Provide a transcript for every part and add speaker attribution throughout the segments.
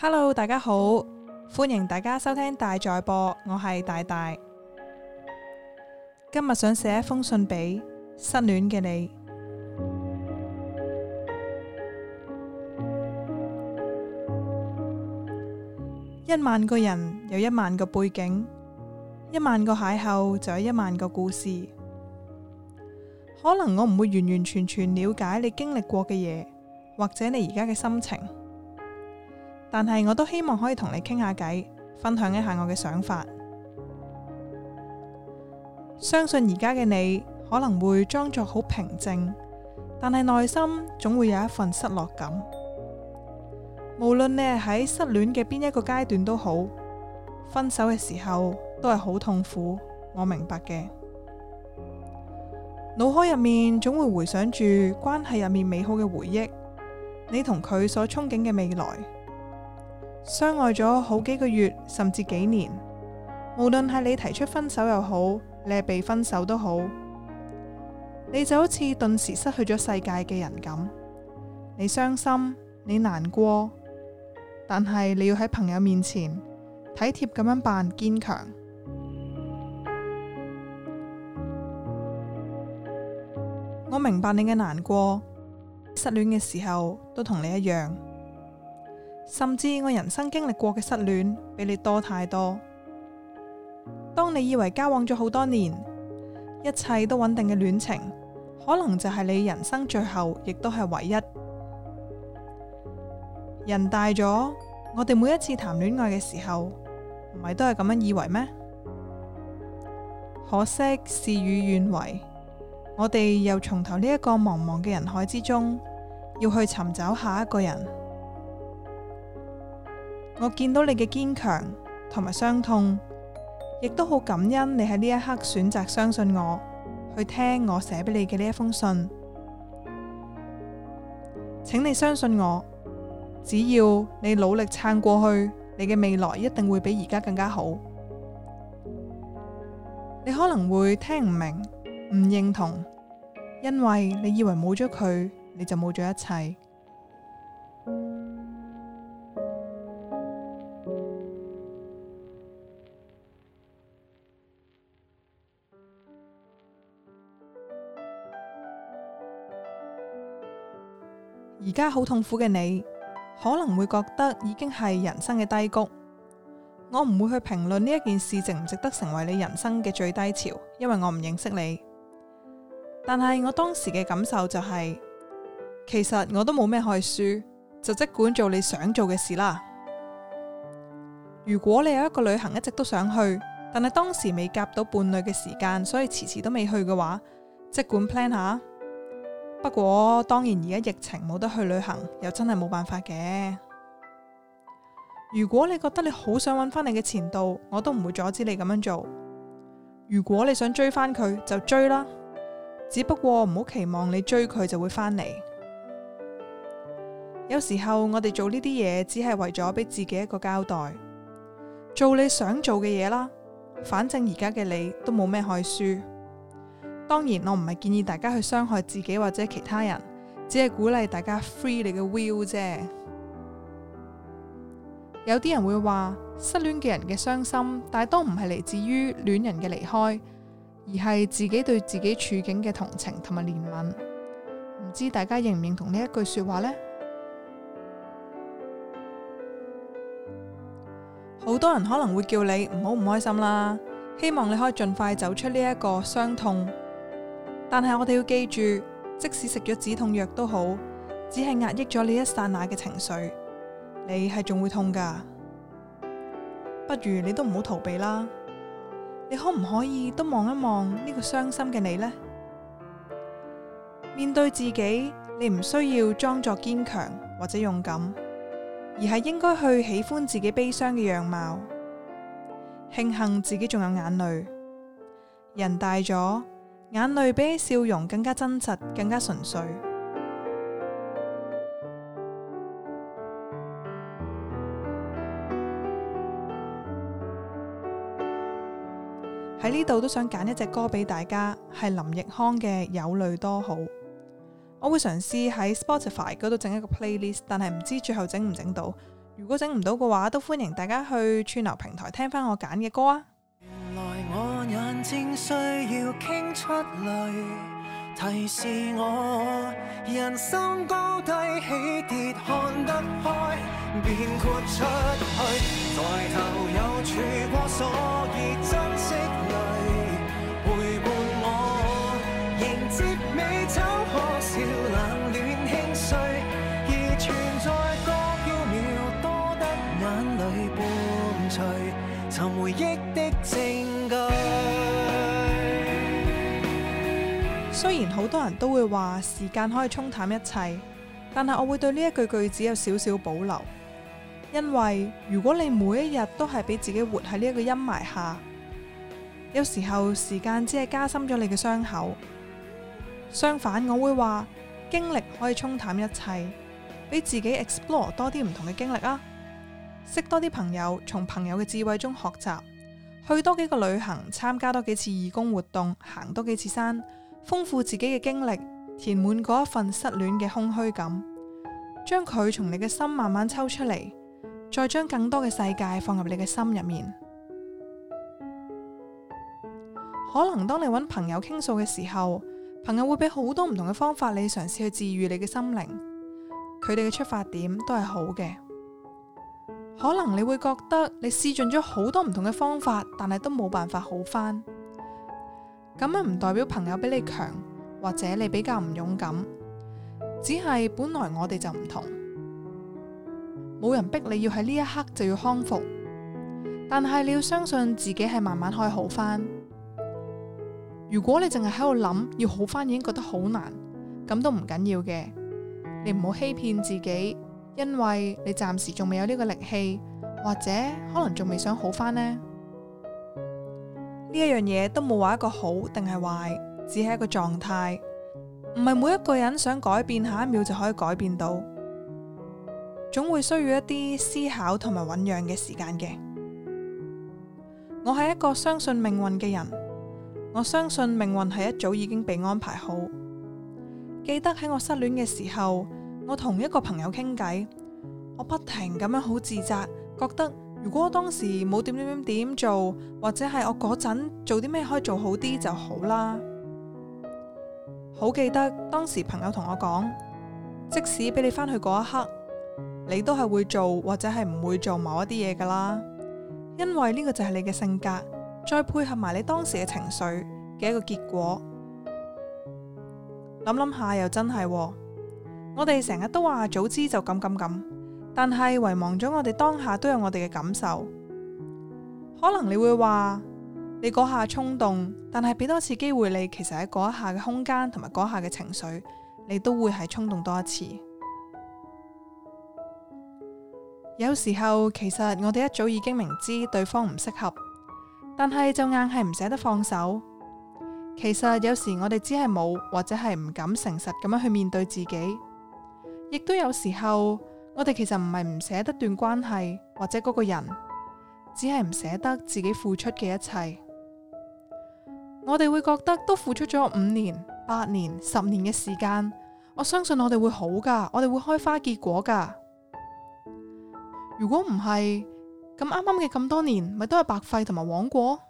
Speaker 1: Hello，大家好，歡迎大家收聽大在播，我係大大。今日想寫一封信俾失戀嘅你。 一萬個人有一萬個背景，一萬個邂逅就有一萬個故事。可能我唔會完完全全了解你經歷過嘅嘢，或者你而家嘅心情。但係，我都希望可以同你傾下偈，分享一下我嘅想法。相信而家嘅你可能會裝作好平靜，但係內心總會有一份失落感。無論你係喺失戀嘅邊一個階段都好，分手嘅時候都係好痛苦。我明白嘅，腦海入面總會回想住關係入面美好嘅回憶，你同佢所憧憬嘅未來。相愛咗好幾個月，甚至幾年，無論係你提出分手又好，你係被分手都好，你就好似頓時失去咗世界嘅人咁，你傷心，你難過，但係你要喺朋友面前體貼咁樣扮堅強。堅強 我明白你嘅難過，失戀嘅時候都同你一樣。甚至我人生經歷過嘅失戀，比你多太多。當你以為交往咗好多年，一切都穩定嘅戀情，可能就係你人生最後，亦都係唯一。人大咗，我哋每一次談戀愛嘅時候，唔係都係咁樣以為咩？可惜事與願違，我哋又從頭呢一個茫茫嘅人海之中，要去尋找下一個人。我見到你嘅堅強同埋傷痛，亦都好感恩你喺呢一刻選擇相信我，去聽我寫俾你嘅呢一封信。請你相信我，只要你努力撐過去，你嘅未來一定會比而家更加好。你可能會聽唔明，唔認同，因為你以為冇咗佢，你就冇咗一切。而家好痛苦嘅你，可能會覺得已經係人生嘅低谷。我唔會去評論呢一件事值唔值得成為你人生嘅最低潮，因為我唔認識你。但係我當時嘅感受就係、是，其實我都冇咩害處，就即管做你想做嘅事啦。如果你有一個旅行一直都想去，但係當時未夾到伴侶嘅時間，所以遲遲都未去嘅話，即管 plan 下。不過當然而家疫情冇得去旅行，又真係冇辦法嘅。如果你覺得你好想揾翻你嘅前度，我都唔會阻止你咁樣做。如果你想追翻佢，就追啦。只不過唔好期望你追佢就會返嚟。有時候我哋做呢啲嘢，只係為咗俾自己一個交代。做你想做嘅嘢啦，反正而家嘅你都冇咩害處。當然，我唔係建議大家去傷害自己或者其他人，只係鼓勵大家 free 你嘅 will 啫。有啲人會話失戀嘅人嘅傷心，大多唔係嚟自於戀人嘅離開，而係自己對自己處境嘅同情同埋憐憫。唔知大家認唔認同呢一句說話呢？好多人可能會叫你唔好唔開心啦，希望你可以盡快走出呢一個傷痛。但係我哋要記住，即使食咗止痛藥都好，只係壓抑咗呢一剎那嘅情緒，你係仲會痛噶。不如你都唔好逃避啦。你可唔可以都望一望呢個傷心嘅你呢？面對自己，你唔需要裝作堅強或者勇敢，而係應該去喜歡自己悲傷嘅樣貌，慶幸自己仲有眼淚。人大咗。眼淚比起笑容更加真實，更加純粹。喺呢度都想揀一隻歌俾大家，係林奕康嘅《有淚多好》。我會嘗試喺 Spotify 嗰度整一個 playlist，但係唔知最後整唔整到。如果整唔到嘅話，都歡迎大家去串流平台聽翻我揀嘅歌啊！眼睛需要傾出淚，提示我人生高低起，起跌看得開，便豁出去。當然好多人都會話時間可以沖淡一切，但係我會對呢一句句子有少少保留，因為如果你每一日都係俾自己活喺呢一個陰霾下，有時候時間只係加深咗你嘅傷口。相反，我會話經歷可以沖淡一切，俾自己 explore 多啲唔同嘅經歷啊，識多啲朋友，從朋友嘅智慧中學習，去多幾個旅行，參加多幾次義工活動，行多幾次山。豐富自己嘅經歷，填滿嗰份失戀嘅空虛感，將佢從你嘅心慢慢抽出嚟，再將更多嘅世界放入你嘅心入面。可能當你揾朋友傾訴嘅時候，朋友會俾好多唔同嘅方法你嘗試去治愈你嘅心靈，佢哋嘅出發點都係好嘅。可能你會覺得你試盡咗好多唔同嘅方法，但係都冇辦法好返。咁樣，唔代表朋友比你強，或者你比較唔勇敢，只係本來我哋就唔同。冇人逼你要喺呢一刻就要康復，但係你要相信自己係慢慢可以好返。如果你淨係喺度諗要好返已經覺得好難，咁都唔緊要嘅。你唔好欺騙自己，因為你暫時仲未有呢個力氣，或者可能仲未想好返呢。呢一樣嘢，都冇話一個好定係壞，只係一個狀態。唔係每一個人想改變下一秒就可以改變到，總會需要一啲思考同埋醞釀嘅時間嘅。我係一個相信命運嘅人，我相信命運係一早已經被安排好。記得喺我失戀嘅時候，我同一個朋友傾偈，我不停咁樣好自責，覺得。如果當時冇點點點點做，或者係我嗰陣做啲咩可以做好啲就好啦。好記得當時朋友同我講，即使俾你返去嗰一刻，你都係會做或者係唔會做某一啲嘢㗎啦。因為呢個就係你嘅性格，再配合埋你當時嘅情緒嘅一個結果。諗諗下又真係，喎，我哋成日都話早知就咁咁咁。但係遺忘咗，我哋當下都有我哋嘅感受。可能你會話你嗰下衝動，但係俾多次機會你，其實喺嗰一下嘅空間同埋嗰下嘅情緒，你都會係衝動多一次。 有時候其實我哋一早已經明知對方唔適合，但係就硬係唔捨得放手。其實有時我哋只係冇或者係唔敢誠實咁樣去面對自己，亦都有時候。我哋其實唔係唔捨得段關係或者嗰個人，只係唔捨得自己付出嘅一切。我哋會覺得都付出咗五年、八年、十年嘅時間，我相信我哋會好㗎，我哋會開花結果㗎。如果唔係，咁啱啱嘅咁多年咪都係白費同埋枉過。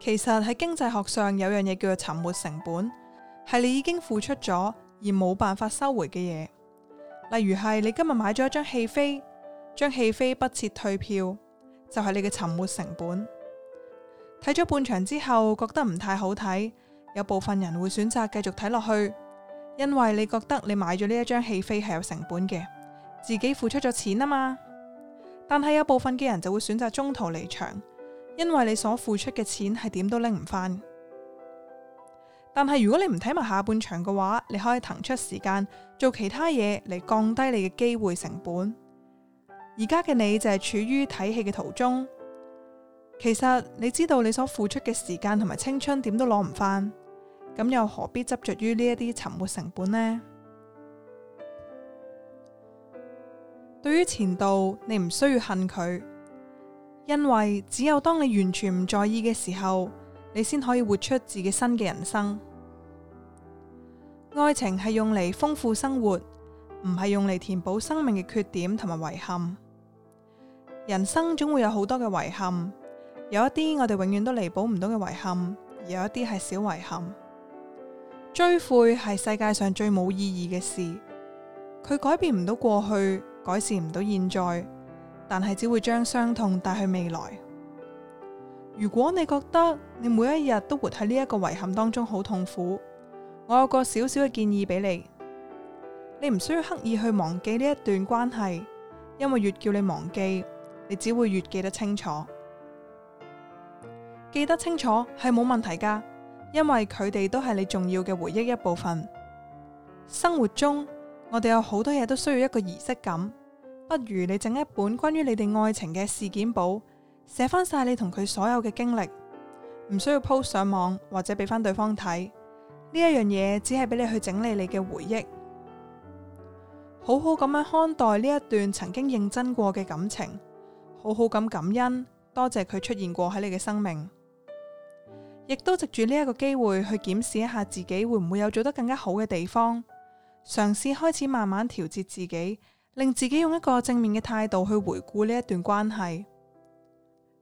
Speaker 1: 其實喺經濟學上有樣嘢叫做沉沒成本，係你已經付出咗而冇辦法收回嘅嘢。例如係你今日買咗一張戲飛，張戲飛不設退票，就係你嘅沉沒成本。睇咗半場之後覺得唔太好睇，有部分人會選擇繼續睇落去，因為你覺得你買咗呢一張戲飛係有成本嘅，自己付出咗錢啊嘛。但係有部分嘅人就會選擇中途離場。因為你所付出嘅錢係點都拎唔返。但係如果你唔睇埋下半場嘅話，你可以騰出時間做其他嘢嚟降低你嘅機會成本。而家嘅你就係處於睇戲嘅途中，其實你知道你所付出嘅時間同埋青春點都攞唔返，咁又何必執着於呢一啲沉沒成本呢？對於前度，你唔需要恨佢。因為只有當你完全唔在意嘅時候，你先可以活出自己新嘅人生。愛情係用嚟豐富生活，唔係用嚟填補生命嘅缺點同埋遺憾。人生總會有好多嘅遺憾，有一啲我哋永遠都彌補唔到嘅遺憾，而有一啲係小遺憾。追悔係世界上最冇意義嘅事，佢改變唔到過去，改善唔到現在。但係只會將傷痛帶去未來。如果你覺得你每一日都活喺呢一個遺憾當中，好痛苦，我有個小小嘅建議俾你，你唔需要刻意去忘記呢一段關係，因為越叫你忘記，你只會越記得清楚。記得清楚係冇問題㗎，因為佢哋都係你重要嘅回憶一部分。生活中，我哋有好多嘢都需要一個儀式感。不如你整一本關於你哋愛情嘅事件簿，寫返晒你同佢所有嘅經歷，唔需要 po 上網或者俾返對方睇。呢一樣嘢只係俾你去整理你嘅回憶，好好咁樣看待呢一段曾經認真過嘅感情，好好咁感，感恩，多謝佢出現過喺你嘅生命，亦都藉住呢一個機會去檢視一下自己會唔會有做得更加好嘅地方，嘗試開始慢慢調節自己。令自己用一個正面嘅態度去回顧呢一段關係，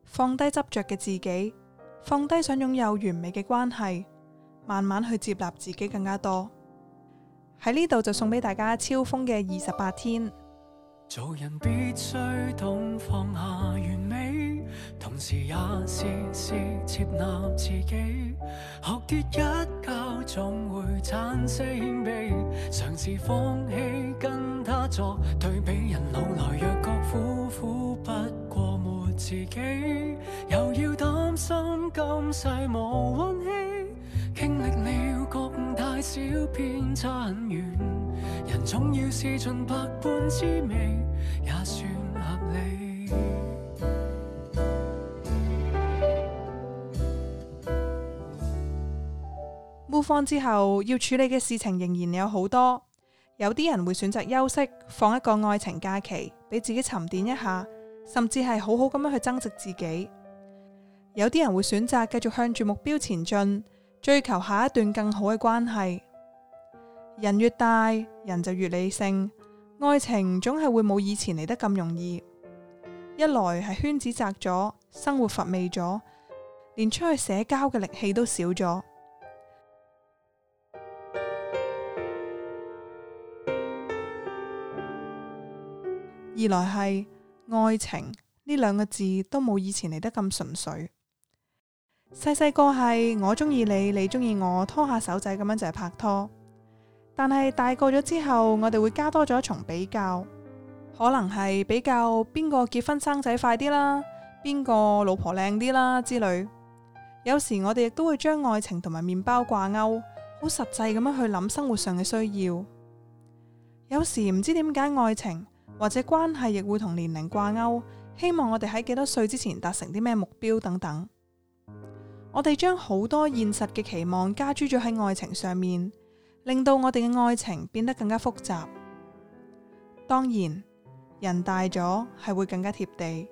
Speaker 1: 放低執着嘅自己，放低想擁有完美嘅關係，慢慢去接納自己更加多。喺呢度就送俾大家超風嘅二十八天。做人必須懂放下完美。同時也試試接納自己，學跌一跤總會產生謙卑，嘗試放棄跟他作對比，人老來若覺苦苦不過沒自己，又要擔心今世無温馨，經歷了覺悟太少，偏差很遠，人總要試盡百般滋味，也算合理。收放之後，要處理嘅事情仍然有好多。有啲人會選擇休息，放一個愛情假期，俾自己沉澱一下，甚至係好好咁樣去增值自己。有啲人會選擇繼續向住目標前進，追求下一段更好嘅關係。人越大，人就越理性。愛情總係會冇以前嚟得咁容易。一來係圈子窄咗，生活乏味咗，連出去社交嘅力氣都少咗。二來係愛情呢兩個字都冇以前嚟得咁純粹。細細個係我中意你，你中意我，拖下手仔咁樣就係拍拖。但係大個咗之後，我哋會加多咗一重比較，可能係比較邊個結婚生仔快啲啦，邊個老婆靚啲啦之類。有時我哋亦都會將愛情同埋麵包掛鈎，好實際咁樣去諗生活上嘅需要。有時唔知點解愛情。或者關係亦會同年齡掛鈎，希望我哋喺幾多歲之前達成啲咩目標等等。我哋將好多現實嘅期望加諸咗喺愛情上面，令到我哋嘅愛情變得更加複雜。當然，人大咗係會更加貼地，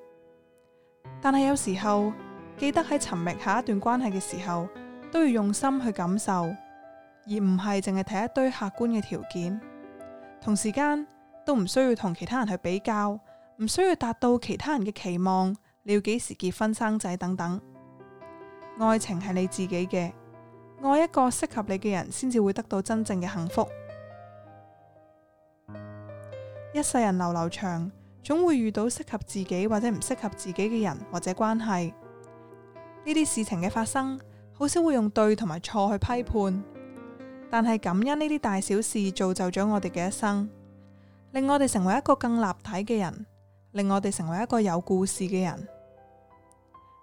Speaker 1: 但係有時候記得喺尋覓下一段關係嘅時候，都要用心去感受，而唔係淨係睇一堆客觀嘅條件。同時間。都唔需要同其他人去比較，唔需要達到其他人嘅期望。你要幾時結婚生仔等等，愛情係你自己嘅，愛一個適合你嘅人，先至會得到真正嘅幸福。一世人流流長，總會遇到適合自己或者唔適合自己嘅人或者關係。呢啲事情嘅發生，好少會用對同埋錯去批判，但係感恩呢啲大小事，造就咗我哋嘅一生。令我哋成為一個更立體嘅人，令我哋成為一個有故事嘅人。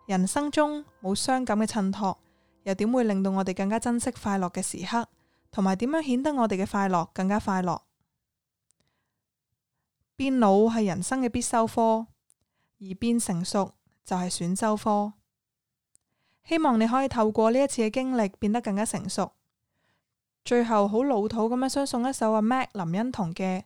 Speaker 1: 人生中冇傷感嘅襯托，又點會令到我哋更加珍惜快樂嘅時刻？同埋點樣顯得我哋嘅快樂更加快樂？變老係人生嘅必修科，而變成熟就係選修科。希望你可以透過呢一次嘅經歷，變得更加成熟。最後好老土咁樣，想送一首阿 Mac 林欣彤嘅。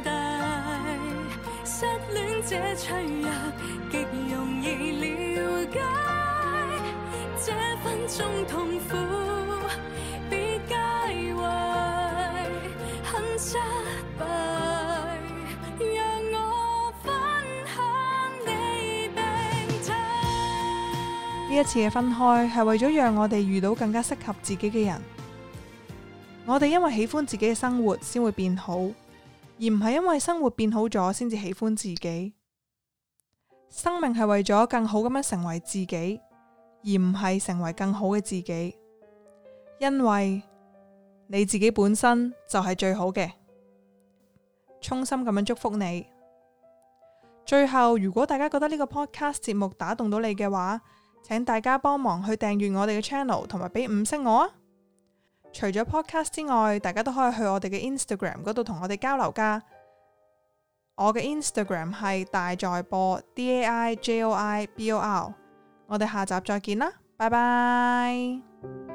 Speaker 1: 失戀者脆弱極容易了解。這分鐘痛苦，別介懷，很失敗，讓我分享你病態。呢一次嘅分開係為咗讓我哋遇到更加適合自己嘅人，我哋因為喜歡自己嘅生活先會變好。而唔係因為生活變好咗先至喜歡自己，生命係為咗更好咁樣成為自己，而唔係成為更好嘅自己，因為你自己本身就係最好嘅，衷心咁樣祝福你。最後，如果大家覺得呢個 podcast 節目打動到你嘅話，請大家幫忙去訂閱我哋嘅 channel，同埋俾五星我啊！除咗 podcast 之外，大家都可以去我哋嘅 Instagram 度同我哋交流噶。我嘅 Instagram 係大在播 D A I J O I B O R。我哋下集再見啦，拜拜。